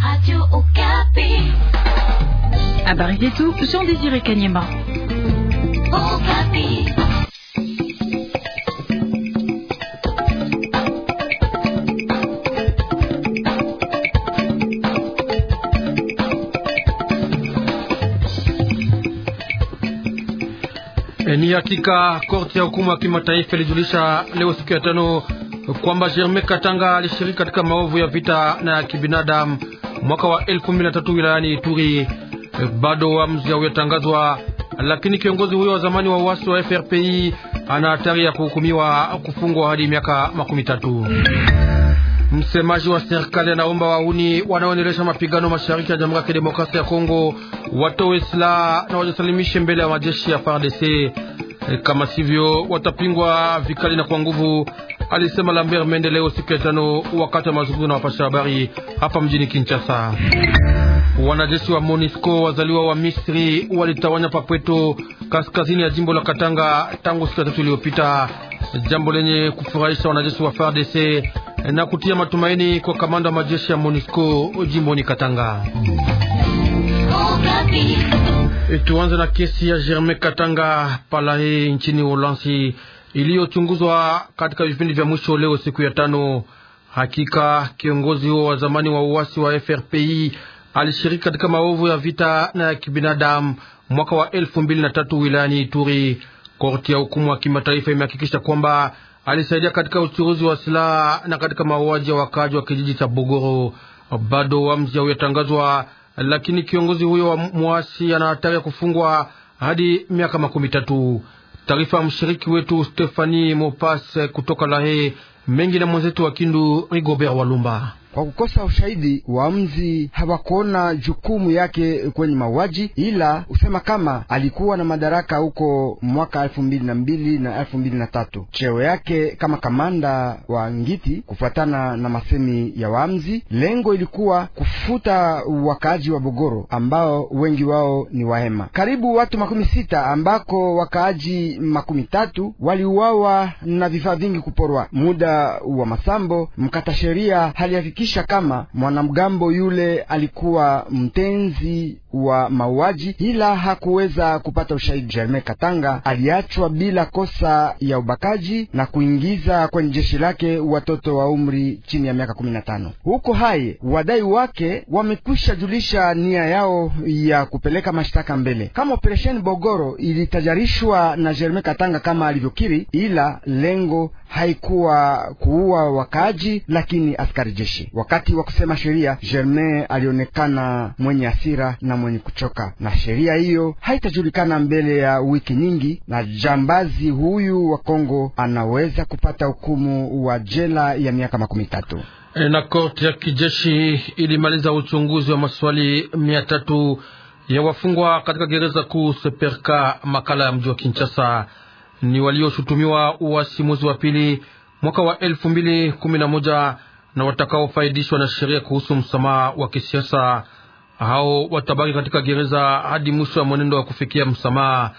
Radio Okapi. Habari zetu Jean Désiré Kanyema. Okapi. Eh, ni hakika korti ya hukumu ya kimataifa ilijulisha leo siku ya tano kwamba Germain Katanga alishiriki katika maovu ya vita na ya kibinadamu mwaka wa 2013 wilayani Ituri. Bado waamuzi hauyatangazwa, lakini kiongozi huyo wa zamani wa uasi wa FRPI ana hatari ya kuhukumiwa kufungwa hadi miaka makumi tatu. Msemaji wa serikali anaomba wauni wanaoendelesha mapigano mashariki ya Jamhuri ya Kidemokrasia ya Kongo watoe silaha na wajisalimishe mbele ya majeshi ya FARDC, kama sivyo watapingwa vikali na kwa nguvu alisema Lambert Mende leo siku ya tano wakati wa mazungumzo na wapasha habari hapa mjini Kinshasa. Wanajeshi wa MONUSCO wazaliwa wa Misri walitawanya Papweto kaskazini ya jimbo la Katanga tangu siku ya tatu iliyopita, jambo lenye kufurahisha wanajeshi wa FARDC na kutia matumaini kwa kamanda wa majeshi ya MONUSCO jimboni Katanga. Oh, Tuanze na kesi ya Germain Katanga Palahe nchini Uholanzi iliyochunguzwa katika vipindi vya mwisho leo siku ya tano. Hakika kiongozi huo wa zamani wa uasi wa FRPI alishiriki katika maovu ya vita na ya kibinadamu mwaka wa elfu mbili na tatu wilayani Ituri. Korti ya hukumu wa kimataifa imehakikisha kwamba alisaidia katika uchuruzi wa silaha na katika mauaji ya wakaaji wa kijiji cha Bogoro. Bado wamzi hauyatangazwa, lakini kiongozi huyo wa mwasi ana hatari ya kufungwa hadi miaka makumi tatu. Taarifa ya mshiriki wetu Stefani Mopas kutoka Lahe mengi na mwenzetu wa Kindu Rigobert Walumba. Kwa kukosa ushahidi, wamzi hawakuona jukumu yake kwenye mauaji, ila usema kama alikuwa na madaraka huko mwaka elfu mbili na mbili na elfu mbili na tatu cheo yake kama kamanda wa Ngiti. Kufuatana na masemi ya wamzi, lengo ilikuwa kufuta wakaaji wa Bogoro ambao wengi wao ni Wahema, karibu watu makumi sita ambako wakaaji makumi tatu waliuawa na vifaa vingi kuporwa. Muda wa masambo mkata sheria hali ya kuhakikisha kama mwanamgambo yule alikuwa mtenzi wa mauaji, ila hakuweza kupata ushahidi. Germain Katanga aliachwa bila kosa ya ubakaji na kuingiza kwenye jeshi lake watoto wa umri chini ya miaka kumi na tano. Huko hai wadai wake wamekwisha julisha nia yao ya kupeleka mashtaka mbele, kama operesheni Bogoro ilitajarishwa na Germain Katanga kama alivyokiri, ila lengo haikuwa kuua wakaaji, lakini askari jeshi. Wakati wa kusema sheria, Germain alionekana mwenye hasira na mwenye kuchoka, na sheria hiyo haitajulikana mbele ya wiki nyingi, na jambazi huyu wa Kongo anaweza kupata hukumu wa jela ya miaka makumi tatu. Eh, na korti ya kijeshi ilimaliza uchunguzi wa maswali mia tatu ya wafungwa katika gereza kuu Seperka makala ya mji wa Kinshasa. Ni walioshutumiwa uasi mwezi wa pili mwaka wa elfu mbili kumi na moja na watakaofaidishwa na sheria kuhusu msamaha wa kisiasa hao watabaki katika gereza hadi mwisho wa mwenendo wa kufikia msamaha.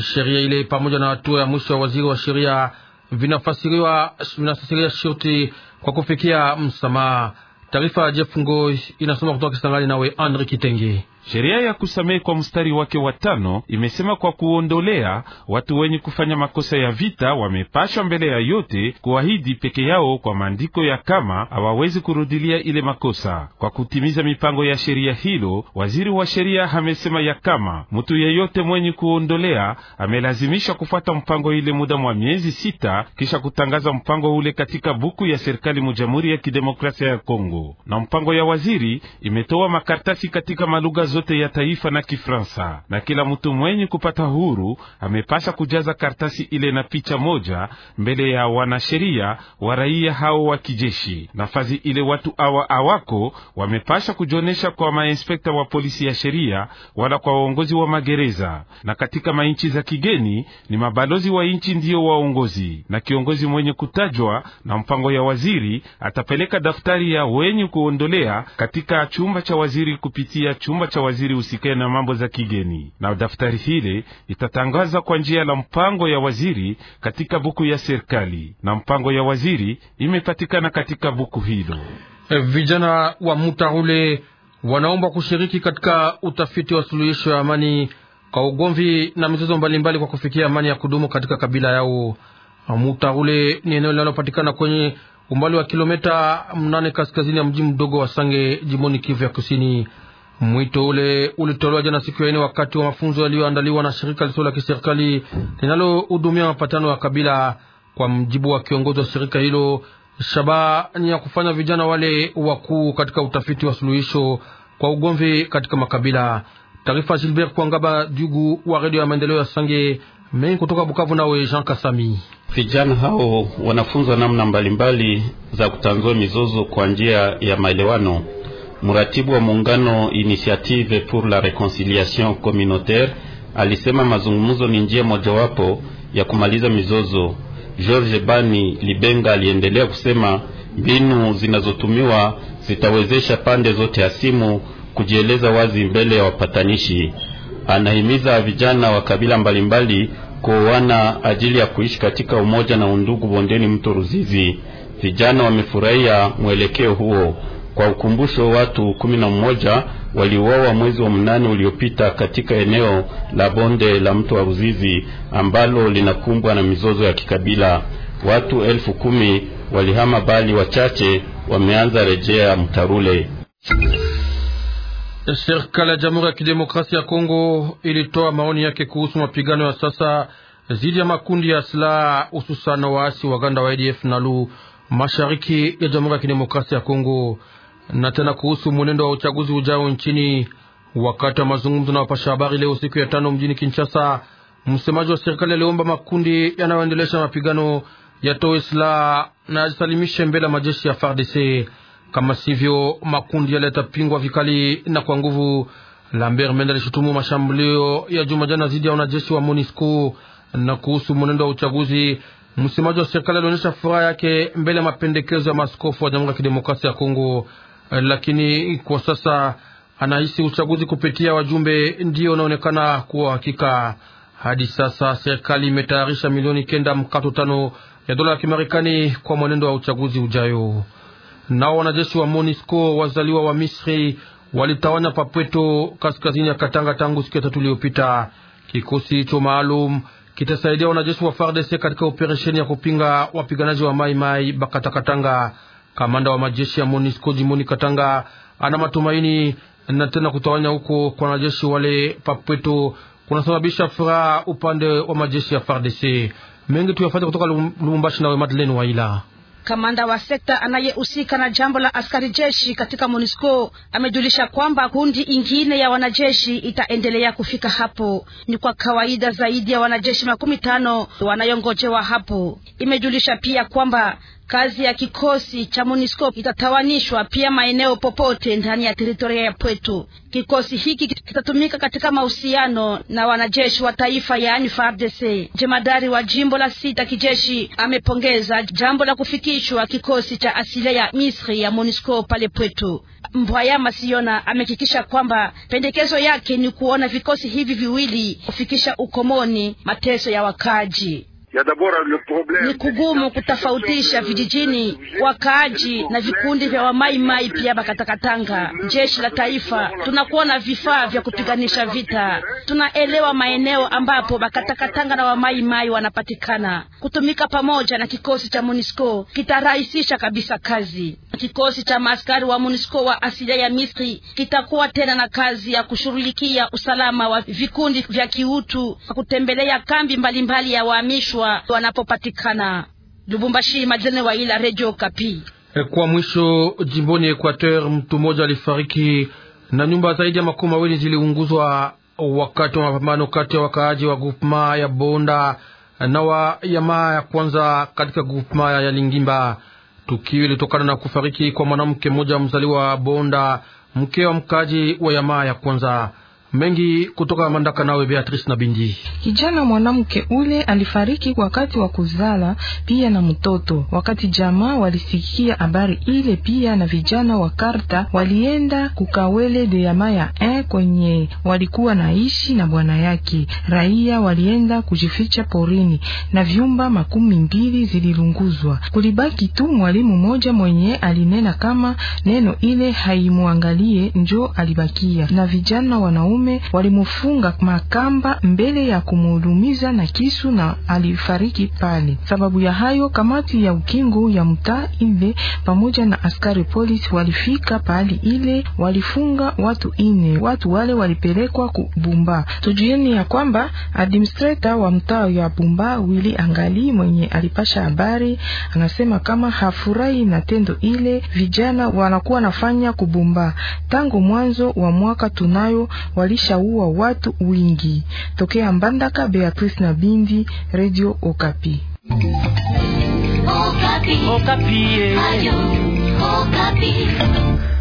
Sheria ile pamoja na hatua ya mwisho wa waziri wa sheria vinafasiriwa vinafasiria shurti kwa kufikia msamaha. Taarifa ya Jeff Ngoi inasoma kutoka Kisangani nawe Andre Kitenge. Sheria ya kusamehe kwa mstari wake wa tano imesema kwa kuondolea watu wenye kufanya makosa ya vita wamepashwa mbele ya yote kuahidi peke yao kwa maandiko ya kama hawawezi kurudilia ile makosa. Kwa kutimiza mipango ya sheria hilo, waziri wa sheria amesema ya kama mtu yeyote mwenye kuondolea amelazimishwa kufuata mpango ile muda mwa miezi sita kisha kutangaza mpango ule katika buku ya serikali mu Jamhuri ya Kidemokrasia ya Kongo. Na mpango ya waziri imetoa makaratasi katika malugha zote ya taifa na Kifransa, na kila mtu mwenye kupata huru amepasha kujaza kartasi ile na picha moja mbele ya wanasheria wa raia hao wa kijeshi. Nafasi ile watu awa awako wamepasha kujionyesha kwa mainspekta wa polisi ya sheria wala kwa waongozi wa magereza, na katika mainchi za kigeni ni mabalozi wa inchi ndiyo waongozi, na kiongozi mwenye kutajwa na mpango ya waziri atapeleka daftari ya wenye kuondolea katika chumba cha waziri kupitia chumba cha waziri usikae na mambo za kigeni, na daftari hile itatangaza kwa njia la mpango ya waziri katika buku ya serikali, na mpango ya waziri imepatikana katika buku hilo. Eh, vijana wa Mutarule wanaomba kushiriki katika utafiti wa suluhisho ya amani kwa ugomvi na mizozo mbalimbali kwa kufikia amani ya kudumu katika kabila yao. Mutarule ni eneo linalopatikana kwenye umbali wa kilometa mnane kaskazini ya mji mdogo wa Sange, jimboni Kivu ya Kusini. Mwito ule ulitolewa jana siku ya ine wakati wa mafunzo yaliyoandaliwa na shirika lisilo la kiserikali linalohudumia mapatano ya kabila. Kwa mjibu wa kiongozi wa shirika hilo, shabaha ni ya kufanya vijana wale wakuu katika utafiti wa suluhisho kwa ugomvi katika makabila. Taarifa Gilbert Kwangaba Jugu wa redio ya maendeleo ya Sange mengi kutoka Bukavu, nawe Jean Kasami. Vijana hao wanafunzwa namna mbalimbali za kutanzua mizozo kwa njia ya maelewano. Mratibu wa muungano Initiative pour la Reconciliation Communautaire alisema mazungumzo ni njia mojawapo ya kumaliza mizozo. George Bani Libenga aliendelea kusema mbinu zinazotumiwa zitawezesha pande zote simu kujieleza wazi mbele ya wapatanishi. Anahimiza vijana wa kabila mbalimbali kuoana ajili ya kuishi katika umoja na undugu bondeni mto Ruzizi. Vijana wamefurahia mwelekeo huo. Kwa ukumbusho, watu kumi na mmoja waliuawa mwezi wa mnane uliopita katika eneo la bonde la mto wa Ruzizi ambalo linakumbwa na mizozo ya kikabila. Watu elfu kumi walihama bali wachache wameanza rejea Mtarule. Serikali ya Jamhuri ya Kidemokrasia ya Kongo ilitoa maoni yake kuhusu mapigano ya sasa dhidi ya makundi ya silaha hususan waasi Waganda wa ADF NALU mashariki ya Jamhuri ya Kidemokrasia ya Kongo na tena kuhusu mwenendo wa uchaguzi ujao nchini. Wakati wa mazungumzo na wapasha habari leo siku ya tano mjini Kinshasa, msemaji wa serikali aliomba makundi yanayoendelesha mapigano yatoe silaha na yajisalimishe mbele ya majeshi ya FARDC, kama sivyo makundi yale yatapingwa vikali na kwa nguvu. Lambert Mende alishutumu mashambulio ya juma jana dhidi ya wanajeshi wa MONUSCO. Na kuhusu mwenendo wa uchaguzi, msemaji wa serikali alionyesha furaha yake mbele ya mapendekezo ya maskofu wa Jamhuri ya Kidemokrasia ya Kongo. Eh, lakini kwa sasa anahisi uchaguzi kupitia wajumbe ndio unaonekana kuwa hakika. Hadi sasa serikali imetayarisha milioni kenda mkato tano ya dola ya Kimarekani kwa mwenendo wa uchaguzi ujayo. Nao wanajeshi wa MONUSCO wazaliwa wa Misri walitawanya Papweto, kaskazini ya Katanga tangu siku ya tatu iliyopita. Kikosi hicho maalum kitasaidia wanajeshi wa FARDC katika operesheni ya kupinga wapiganaji wa maimai Mai Bakatakatanga. Kamanda wa majeshi ya MONUSCO jimoni Katanga ana matumaini na tena kutawanya huko kwa wanajeshi wale papweto kunasababisha furaha upande wa majeshi ya FARDC. Mengi tuyafata kutoka Lubumbashi nawe Madeleine Waila. Kamanda wa sekta anayehusika na jambo la askari jeshi katika MONUSCO amejulisha kwamba kundi ingine ya wanajeshi itaendelea kufika hapo. Ni kwa kawaida zaidi ya wanajeshi makumi tano wanayongojewa hapo. Imejulisha pia kwamba Kazi ya kikosi cha MONUSCO itatawanishwa pia maeneo popote ndani ya teritoria ya Pwetu. Kikosi hiki kitatumika katika mahusiano na wanajeshi wa taifa yaani FARDC. Jemadari wa jimbo la sita kijeshi amepongeza jambo la kufikishwa kikosi cha asilia ya Misri ya MONUSCO pale pwetu Mbwaya Masiona amehakikisha kwamba pendekezo yake ni kuona vikosi hivi viwili kufikisha ukomoni mateso ya wakaji. Ni kugumu kutofautisha vijijini wakaaji na vikundi vya wamaimai pia bakatakatanga. Jeshi la taifa tunakuwa na vifaa vya kupiganisha vita, tunaelewa maeneo ambapo bakatakatanga na wamaimai wanapatikana. Kutumika pamoja na kikosi cha MONUSCO kitarahisisha kabisa kazi. Kikosi cha maaskari wa MONUSCO wa asilia ya Misri kitakuwa tena na kazi ya kushughulikia usalama wa vikundi vya kiutu, kutembelea kambi mbalimbali mbali ya wahamishwa kuelewa wanapopatikana. Lubumbashi, Madlene Waila, Radio Kapi. E, kwa mwisho, jimboni Equateur, mtu mmoja alifariki na nyumba zaidi ya makumi mawili ziliunguzwa wakati wa mapambano kati ya wakaaji wa gupma ya Bonda na wa yamaa ya kwanza katika gupma ya Lingimba. Tukio ilitokana na kufariki kwa mwanamke mmoja mzaliwa wa Bonda, mke wa mkaaji wa yamaa ya kwanza mengi kutoka Mandaka nawe Beatrice na Bindi. Kijana mwanamke ule alifariki wakati wa kuzala pia na mtoto. Wakati jamaa walisikia habari ile, pia na vijana wa Karta walienda kukawele de yama ya eh, kwenye walikuwa naishi na bwana yake. Raia walienda kujificha porini na vyumba makumi mbili zililunguzwa. Kulibaki tu mwalimu mmoja mwenye alinena kama neno ile haimwangalie, njo alibakia na vijana wanaume mume walimufunga makamba mbele ya kumuhudumiza na kisu na alifariki pale. Sababu ya hayo, kamati ya ukingo ya mtaa ile pamoja na askari polisi walifika pahali ile, walifunga watu ine. Watu wale walipelekwa kubumba Tujieni ya kwamba administrator wa mtaa ya Bumba Willy Angali mwenye alipasha habari anasema kama hafurahi na tendo ile vijana wanakuwa nafanya kubumba tangu mwanzo wa mwaka tunayo wali uwa watu wingi. Tokea Mbandaka, Beatrice na Bindi, Radio Okapi. Okapi. Okapi. Eh. Ayo, Okapi.